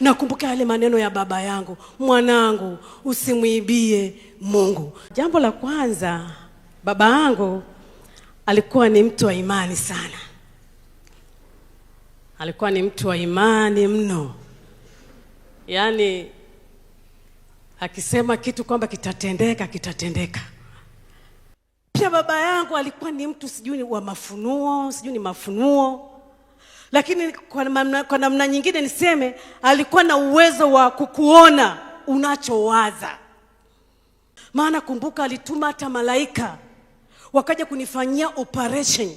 nakumbuka yale maneno ya baba yangu, mwanangu, usimwibie Mungu. Jambo la kwanza, baba yangu alikuwa ni mtu wa imani sana, alikuwa ni mtu wa imani mno, yaani akisema kitu kwamba kitatendeka, kitatendeka. Pia baba yangu alikuwa ni mtu sijui wa mafunuo, sijui ni mafunuo lakini kwa namna, kwa namna nyingine niseme alikuwa na uwezo wa kukuona unachowaza. Maana kumbuka, alituma hata malaika wakaja kunifanyia operation.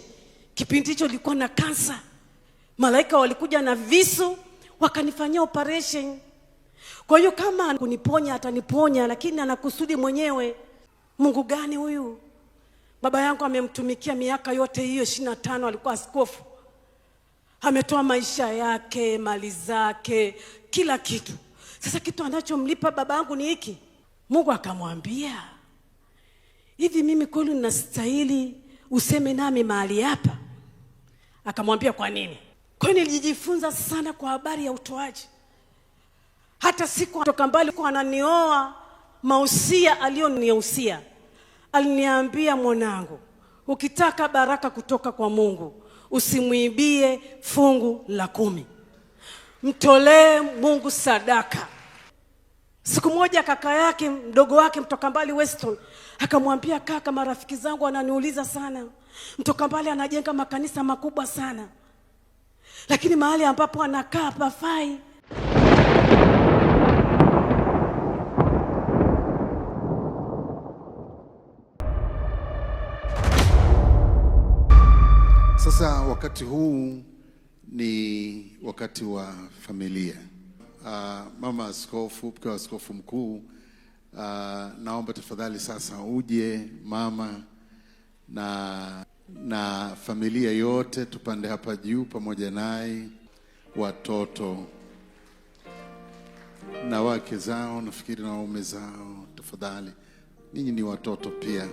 Kipindi hicho nilikuwa na kansa, malaika walikuja na visu wakanifanyia operation. Kwa hiyo kama kuniponya ataniponya, lakini anakusudi mwenyewe. Mungu gani huyu? Baba yangu amemtumikia miaka yote hiyo, ishirini na tano alikuwa askofu ametoa maisha yake, mali zake, kila kitu. Sasa kitu anachomlipa yangu ni hiki. Mungu akamwambia hivi, mimi kweli ninastahili useme nami mahali hapa? Akamwambia kwa nini? Kwa hiyo nilijifunza sana kwa habari ya utoaji. Hata siku kutoka mbali kwa ananioa, mausia aliyoniusia aliniambia, mwanangu, ukitaka baraka kutoka kwa Mungu usimwibie fungu la kumi, mtolee Mungu sadaka. Siku moja kaka yake mdogo wake mtoka mbali Weston akamwambia, kaka, marafiki zangu wananiuliza sana, mtoka mbali anajenga makanisa makubwa sana, lakini mahali ambapo anakaa pafai Sasa wakati huu ni wakati wa familia. Uh, mama askofu, mke askofu mkuu, uh, naomba tafadhali sasa uje mama na, na familia yote tupande hapa juu pamoja naye, watoto na wake zao, nafikiri na waume zao. Tafadhali ninyi ni watoto pia,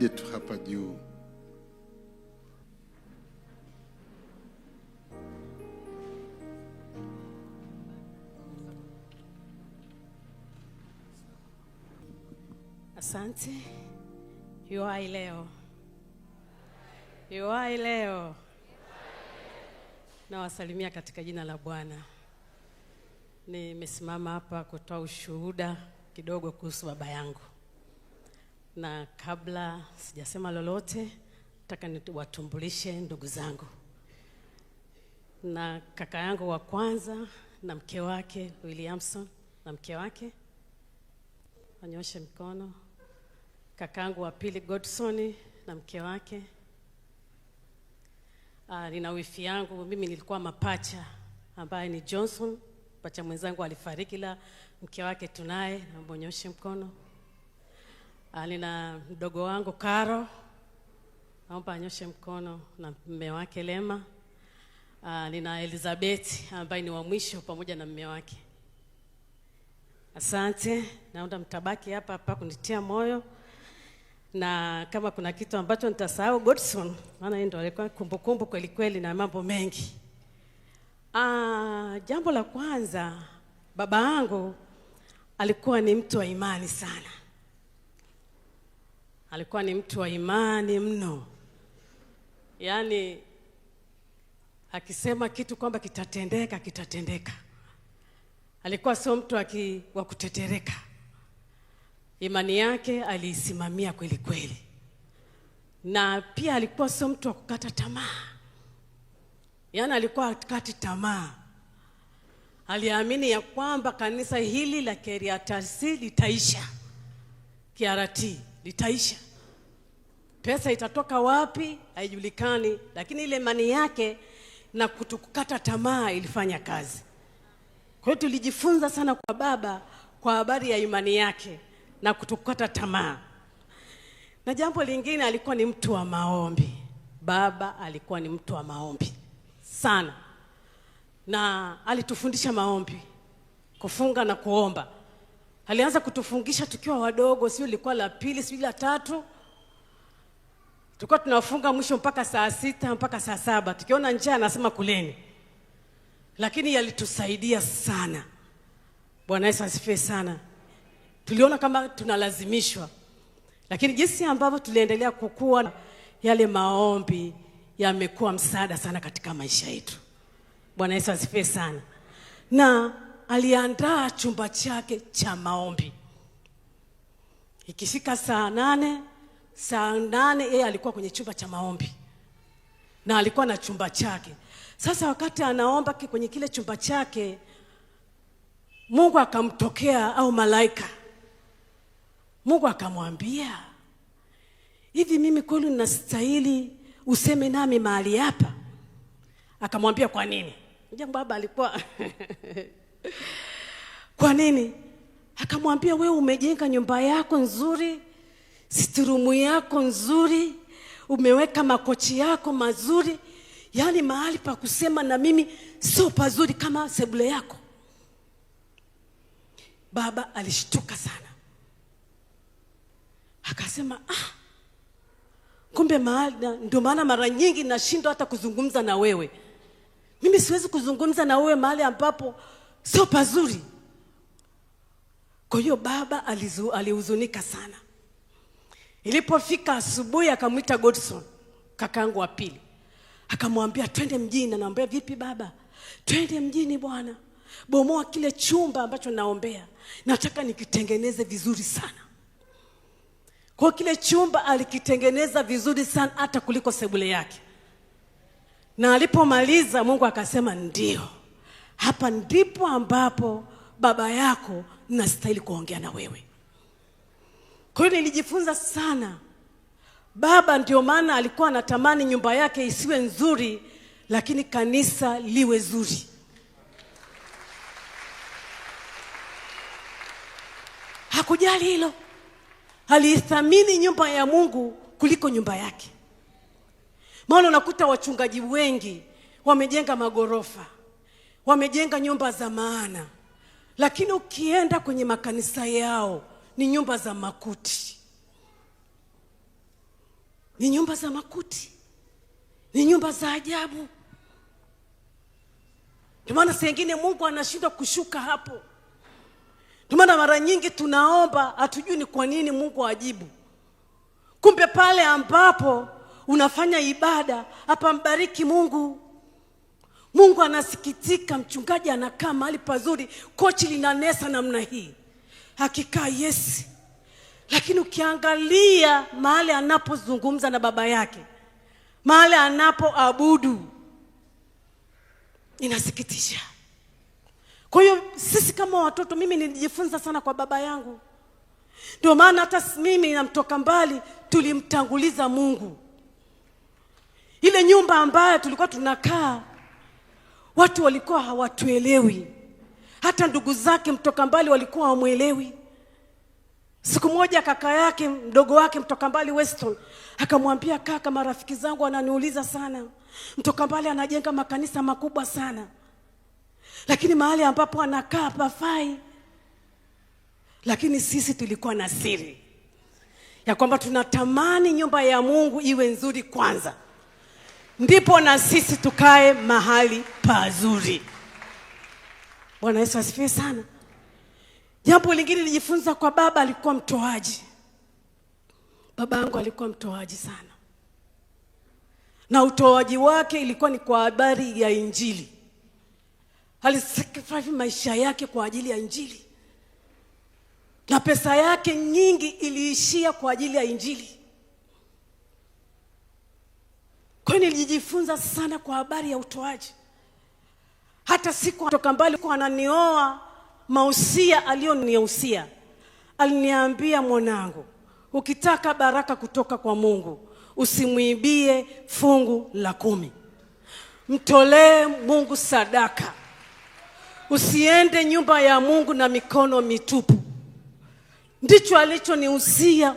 jetu hapa juu Asante. yuhai leo, yuhai leo. Nawasalimia katika jina la Bwana. Nimesimama hapa kutoa ushuhuda kidogo kuhusu baba yangu, na kabla sijasema lolote, nataka niwatumbulishe ndugu zangu na kaka yangu wa kwanza na mke wake Williamson na mke wake, wanyoshe mikono kakangu wa pili Godson na mke wake. Aa, ah, nina wifi yangu mimi nilikuwa mapacha ambaye ni Johnson. Pacha mwenzangu alifariki, la mke wake tunaye, nambonyoshe mkono. Aa, ah, nina mdogo wangu Karo, naomba anyoshe mkono na mme wake Lema. Aa, ah, nina Elizabeth ambaye ni wa mwisho pamoja na mme wake. Asante, naomba mtabaki hapa hapa kunitia moyo na kama kuna kitu ambacho nitasahau Godson, maana yeye ndo alikuwa kumbukumbu kweli kweli na mambo mengi. Ah, jambo la kwanza, baba yangu alikuwa ni mtu wa imani sana, alikuwa ni mtu wa imani mno, yaani akisema kitu kwamba kitatendeka kitatendeka. Alikuwa sio mtu wa kutetereka Imani yake aliisimamia kweli kweli, na pia alikuwa sio mtu wa kukata tamaa, yaani alikuwa akati tamaa. Aliamini ya kwamba kanisa hili la keriatasi litaisha, KRT litaisha. Pesa itatoka wapi haijulikani, lakini ile imani yake na kutukukata tamaa ilifanya kazi. Kwa hiyo tulijifunza sana kwa baba kwa habari ya imani yake na kutukata tamaa. Na jambo lingine, alikuwa ni mtu wa maombi. Baba alikuwa ni mtu wa maombi sana, na alitufundisha maombi, kufunga na kuomba. Alianza kutufungisha tukiwa wadogo, sio ilikuwa la pili, sio la tatu tulikuwa tunafunga mwisho mpaka saa sita mpaka saa saba tukiona njaa anasema kuleni, lakini yalitusaidia sana. Bwana Yesu asifiwe sana tuliona kama tunalazimishwa, lakini jinsi ambavyo tuliendelea kukua, yale maombi yamekuwa msaada sana katika maisha yetu. Bwana Yesu asifiwe sana. Na aliandaa chumba chake cha maombi. Ikifika saa nane, saa nane yeye alikuwa kwenye chumba cha maombi na alikuwa na chumba chake. Sasa wakati anaomba kwenye kile chumba chake, Mungu akamtokea au malaika Mungu akamwambia, hivi mimi kweli ninastahili useme nami mahali hapa? Akamwambia, kwa nini? Jambo baba alikuwa kwa nini? Akamwambia, wewe umejenga nyumba yako nzuri, sitirumu yako nzuri, umeweka makochi yako mazuri, yaani mahali pa kusema na mimi sio pazuri kama sebule yako. Baba alishtuka sana. Akasema ah, kumbe maana, ndio maana mara nyingi nashindwa hata kuzungumza na wewe. Mimi siwezi kuzungumza na wewe mahali ambapo sio pazuri. Kwa hiyo baba alizu, alihuzunika sana. Ilipofika asubuhi, akamwita Godson kakaangu wa pili, akamwambia twende mjini. anaombea vipi baba? Twende mjini bwana, bomoa kile chumba ambacho naombea, nataka nikitengeneze vizuri sana. Kwa kile chumba alikitengeneza vizuri sana hata kuliko sebule yake, na alipomaliza Mungu akasema, ndio hapa ndipo ambapo baba yako nastahili kuongea na wewe. Kwa hiyo nilijifunza sana baba, ndio maana alikuwa anatamani nyumba yake isiwe nzuri, lakini kanisa liwe zuri. Hakujali hilo aliithamini nyumba ya Mungu kuliko nyumba yake. Maana unakuta wachungaji wengi wamejenga magorofa, wamejenga nyumba za maana, lakini ukienda kwenye makanisa yao ni nyumba za makuti, ni nyumba za makuti, ni nyumba za ajabu. Ndio maana saa Mungu anashindwa kushuka hapo. Ndio mara nyingi tunaomba hatujui ni kwa nini Mungu ajibu. Kumbe pale ambapo unafanya ibada hapa, mbariki Mungu. Mungu anasikitika, mchungaji anakaa mahali pazuri, kochi linanesa namna hii, akikaa yesi lakini ukiangalia mahali anapozungumza na baba yake, mahali anapoabudu inasikitisha. Kwa hiyo sisi kama watoto, mimi nilijifunza sana kwa baba yangu, ndio maana hata mimi namtoka mbali, tulimtanguliza Mungu. Ile nyumba ambayo tulikuwa tunakaa, watu walikuwa hawatuelewi, hata ndugu zake mtoka mbali walikuwa hawamwelewi. Siku moja kaka yake mdogo wake mtoka mbali Weston akamwambia, kaka, marafiki zangu wananiuliza sana, mtoka mbali anajenga makanisa makubwa sana lakini mahali ambapo anakaa pafai Lakini sisi tulikuwa na siri ya kwamba tunatamani nyumba ya Mungu iwe nzuri kwanza, ndipo na sisi tukae mahali pazuri. Bwana Yesu asifiwe sana. Jambo lingine nilijifunza kwa baba, alikuwa mtoaji. Baba yangu alikuwa mtoaji sana, na utoaji wake ilikuwa ni kwa habari ya Injili alisacrifice maisha yake kwa ajili ya Injili, na pesa yake nyingi iliishia kwa ajili ya Injili. Kwa hiyo nilijifunza sana kwa habari ya utoaji. Hata siku kutoka mbali kwa ananioa, mausia aliyoniusia aliniambia, mwanangu, ukitaka baraka kutoka kwa Mungu usimwibie fungu la kumi, mtolee Mungu sadaka. Usiende nyumba ya Mungu na mikono mitupu. Ndicho usia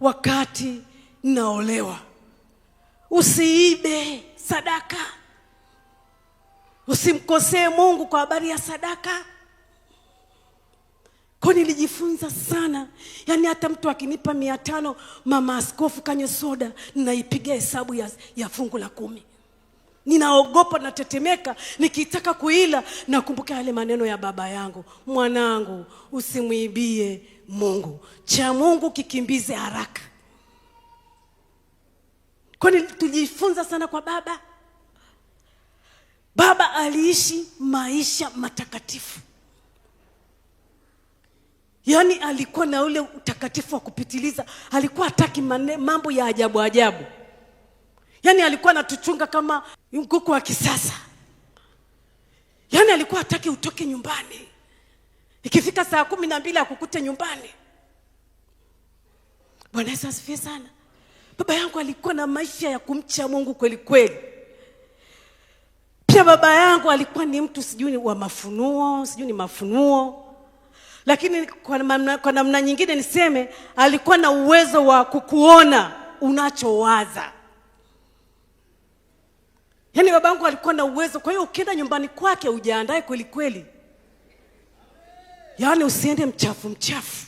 wakati naolewa. Usiibe sadaka, usimkosee Mungu kwa habari ya sadaka. Kwa nilijifunza sana, yaani hata mtu akinipa mia tano, mama askofu kanywe soda, ninaipiga hesabu ya, ya fungu la kumi ninaogopa, natetemeka nikitaka kuila, nakumbuka yale maneno ya baba yangu, mwanangu, usimwibie Mungu, cha Mungu kikimbize haraka. Kwani tujifunza sana kwa baba. Baba aliishi maisha matakatifu, yaani alikuwa na ule utakatifu wa kupitiliza. Alikuwa hataki mambo ya ajabu ajabu, yaani alikuwa anatuchunga kama kuku wa kisasa. Yaani alikuwa hataki utoke nyumbani, ikifika saa kumi na mbili akukute nyumbani. Bwana Yesu asifie sana. Baba yangu alikuwa na maisha ya kumcha Mungu kweli kweli. Pia baba yangu alikuwa ni mtu sijui wa mafunuo, sijui ni mafunuo, lakini kwa namna, kwa namna nyingine niseme alikuwa na uwezo wa kukuona unachowaza yaani babangu alikuwa na uwezo. Kwa hiyo ukienda nyumbani kwake ujiandae kweli kweli, yaani usiende mchafu mchafu.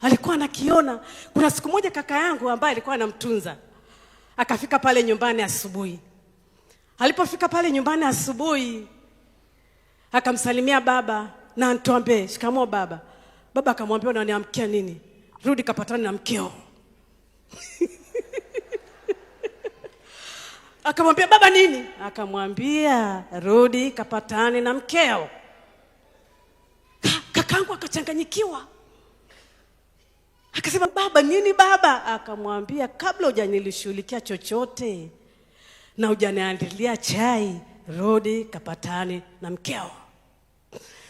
Alikuwa anakiona. Kuna siku moja kaka yangu ambaye alikuwa anamtunza akafika pale nyumbani asubuhi. Alipofika pale nyumbani asubuhi, akamsalimia baba na antuambie shikamoo baba. Baba akamwambia unaniamkia nini? Rudi kapatane na mkeo Akamwambia, baba nini? Akamwambia, rudi kapatane na mkeo. Kakangu akachanganyikiwa akasema, baba nini baba? Akamwambia, kabla hujanilishughulikia chochote na hujaniandilia chai, rudi kapatane na mkeo.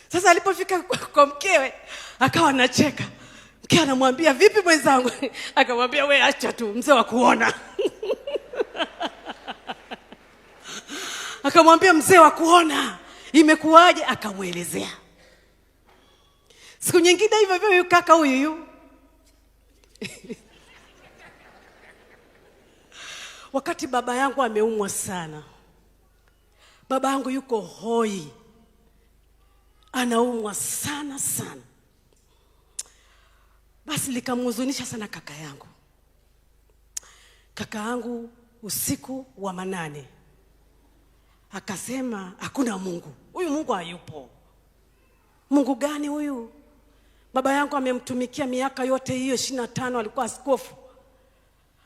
Sasa alipofika kwa mkewe akawa anacheka. Mkewe anamwambia, vipi mwenzangu? Akamwambia, we acha tu, mzee wa kuona akamwambia mzee wa kuona imekuwaje? Akamwelezea. Siku nyingine hivyo hivyo, huyu kaka huyu wakati baba yangu ameumwa sana, baba yangu yuko hoi, anaumwa sana sana. Basi likamhuzunisha sana kaka yangu. Kaka yangu usiku wa manane akasema hakuna Mungu huyu, Mungu hayupo. Mungu gani huyu? Baba yangu amemtumikia miaka yote hiyo ishirini na tano, alikuwa askofu,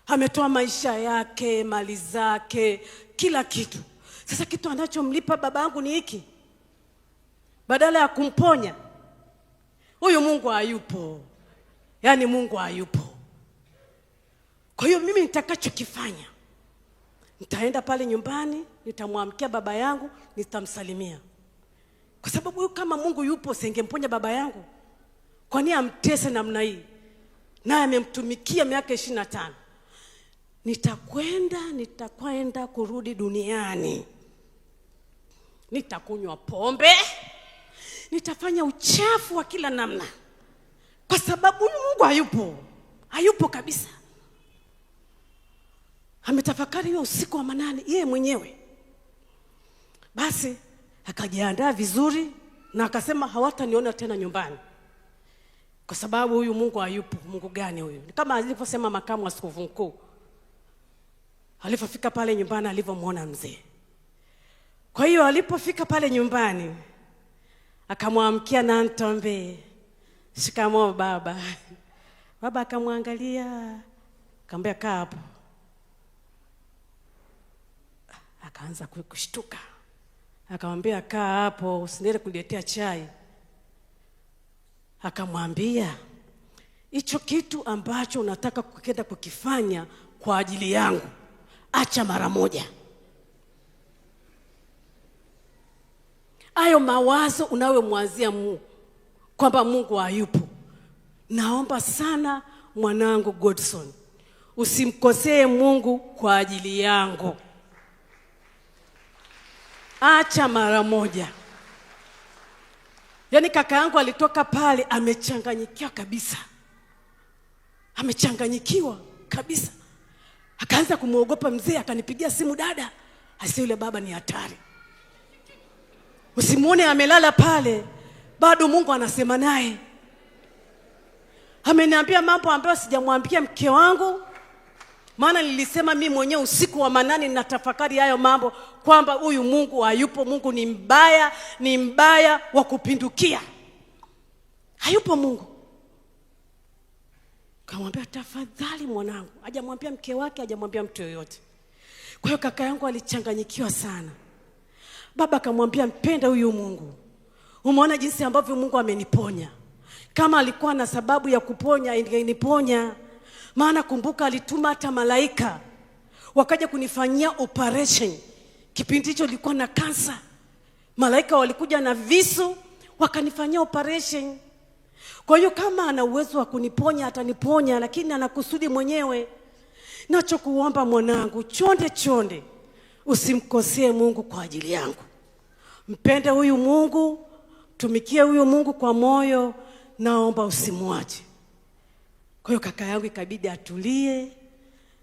ametoa maisha yake, mali zake, kila kitu. Sasa kitu anachomlipa baba yangu ni hiki, badala ya kumponya huyu. Mungu hayupo, yaani Mungu hayupo. Kwa hiyo mimi nitakachokifanya, nitaenda pale nyumbani nitamwamkia baba yangu, nitamsalimia, kwa sababu huyu kama Mungu yupo, sengemponya baba yangu. Kwa nini amtese namna hii? Naye amemtumikia miaka ishirini na tano. Nitakwenda, nitakwenda kurudi duniani, nitakunywa pombe, nitafanya uchafu wa kila namna, kwa sababu Mungu hayupo, hayupo kabisa. Ametafakari hiyo usiku wa manane yeye mwenyewe. Basi akajiandaa vizuri na akasema hawataniona tena nyumbani, kwa sababu huyu Mungu hayupo. Mungu gani huyu? Ni kama alivyosema makamu wa askofu mkuu alipofika pale nyumbani, alivyomwona mzee. Kwa hiyo alipofika pale nyumbani, akamwamkia Nantombe, shikamo baba. Baba akamwangalia akamwambia, kaa hapo. Akaanza kushtuka akamwambia kaa hapo, usiniende kuniletea chai. Akamwambia, hicho kitu ambacho unataka kukenda kukifanya kwa ajili yangu, acha mara moja. Hayo mawazo unayomwazia Mungu kwamba Mungu hayupo, naomba sana mwanangu Godson, usimkosee Mungu kwa ajili yangu acha mara moja. Yaani kaka yangu alitoka pale amechanganyikiwa kabisa, amechanganyikiwa kabisa, akaanza kumwogopa mzee. Akanipigia simu, dada, asi yule baba ni hatari, usimwone amelala pale, bado Mungu anasema naye. Ameniambia mambo ambayo sijamwambia mke wangu maana nilisema mi mwenyewe usiku wa manani natafakari hayo mambo kwamba huyu Mungu hayupo. Mungu ni mbaya, ni mbaya wa kupindukia, hayupo Mungu. Kamwambia, tafadhali mwanangu. Hajamwambia mke wake, hajamwambia mtu yoyote. Kwa hiyo kaka yangu alichanganyikiwa sana. Baba akamwambia, mpenda huyu Mungu, umeona jinsi ambavyo Mungu ameniponya. Kama alikuwa na sababu ya kuponya, ingeniponya maana kumbuka, alituma hata malaika wakaja kunifanyia operation. Kipindi hicho nilikuwa na kansa, malaika walikuja na visu wakanifanyia operation. Kwa hiyo kama ana uwezo wa kuniponya ataniponya, lakini anakusudi mwenyewe. Nachokuomba mwanangu, chonde chonde, usimkosee Mungu kwa ajili yangu. Mpende huyu Mungu, tumikie huyu Mungu kwa moyo, naomba usimwache. Kwa hiyo kaka yangu ikabidi atulie,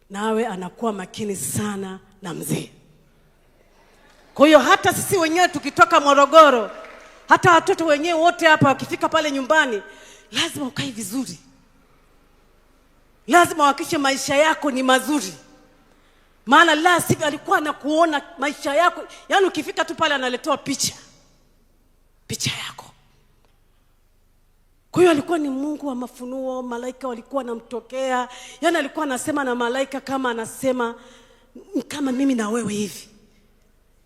nawe anakuwa makini sana na mzee. Kwa hiyo hata sisi wenyewe tukitoka Morogoro, hata watoto wenyewe wote hapa wakifika pale nyumbani, lazima ukae vizuri, lazima uhakikishe maisha yako ni mazuri, maana la sivyo alikuwa anakuona maisha yako, yaani ukifika tu pale analetewa picha picha yako kwa hiyo alikuwa ni mungu wa mafunuo malaika walikuwa anamtokea yaani alikuwa anasema na malaika kama anasema kama mimi na wewe hivi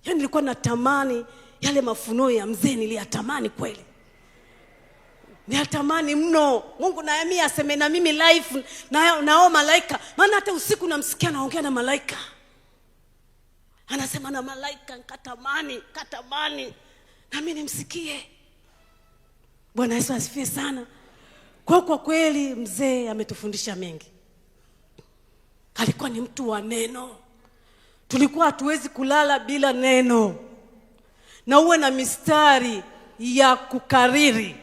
yaani nilikuwa natamani yale mafunuo ya mzee niliyatamani kweli niatamani mno mungu nami aseme na mimi life na, nao malaika maana hata usiku namsikia naongea na malaika anasema na malaika nkatamani nkatamani nami nimsikie Bwana Yesu asifiwe sana. Kwa kwa kweli mzee ametufundisha mengi. Alikuwa ni mtu wa neno. Tulikuwa hatuwezi kulala bila neno, na uwe na mistari ya kukariri.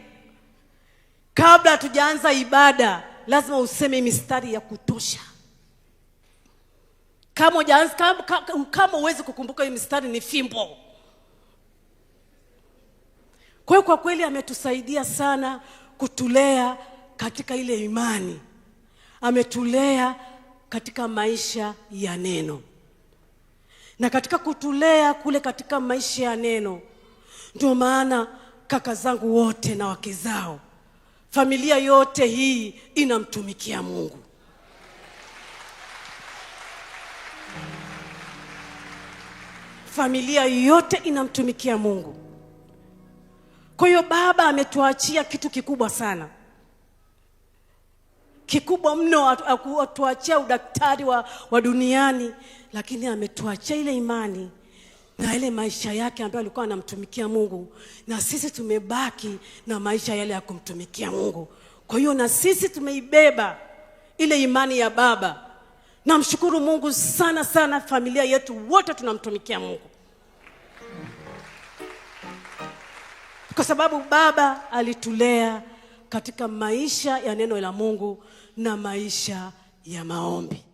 Kabla hatujaanza ibada, lazima useme mistari ya kutosha. Kama huwezi kukumbuka hii mistari, ni fimbo kwa hiyo kwa kweli ametusaidia sana kutulea katika ile imani, ametulea katika maisha ya neno, na katika kutulea kule katika maisha ya neno, ndio maana kaka zangu wote na wake zao, familia yote hii inamtumikia Mungu. Familia yote inamtumikia Mungu. Kwa hiyo Baba ametuachia kitu kikubwa sana, kikubwa mno. Atuachia udaktari wa, wa duniani, lakini ametuachia ile imani na ile maisha yake ambayo alikuwa anamtumikia Mungu, na sisi tumebaki na maisha yale ya kumtumikia Mungu. Kwa hiyo na sisi tumeibeba ile imani ya Baba. Namshukuru Mungu sana sana, familia yetu wote tunamtumikia Mungu. kwa sababu baba alitulea katika maisha ya neno la Mungu na maisha ya maombi.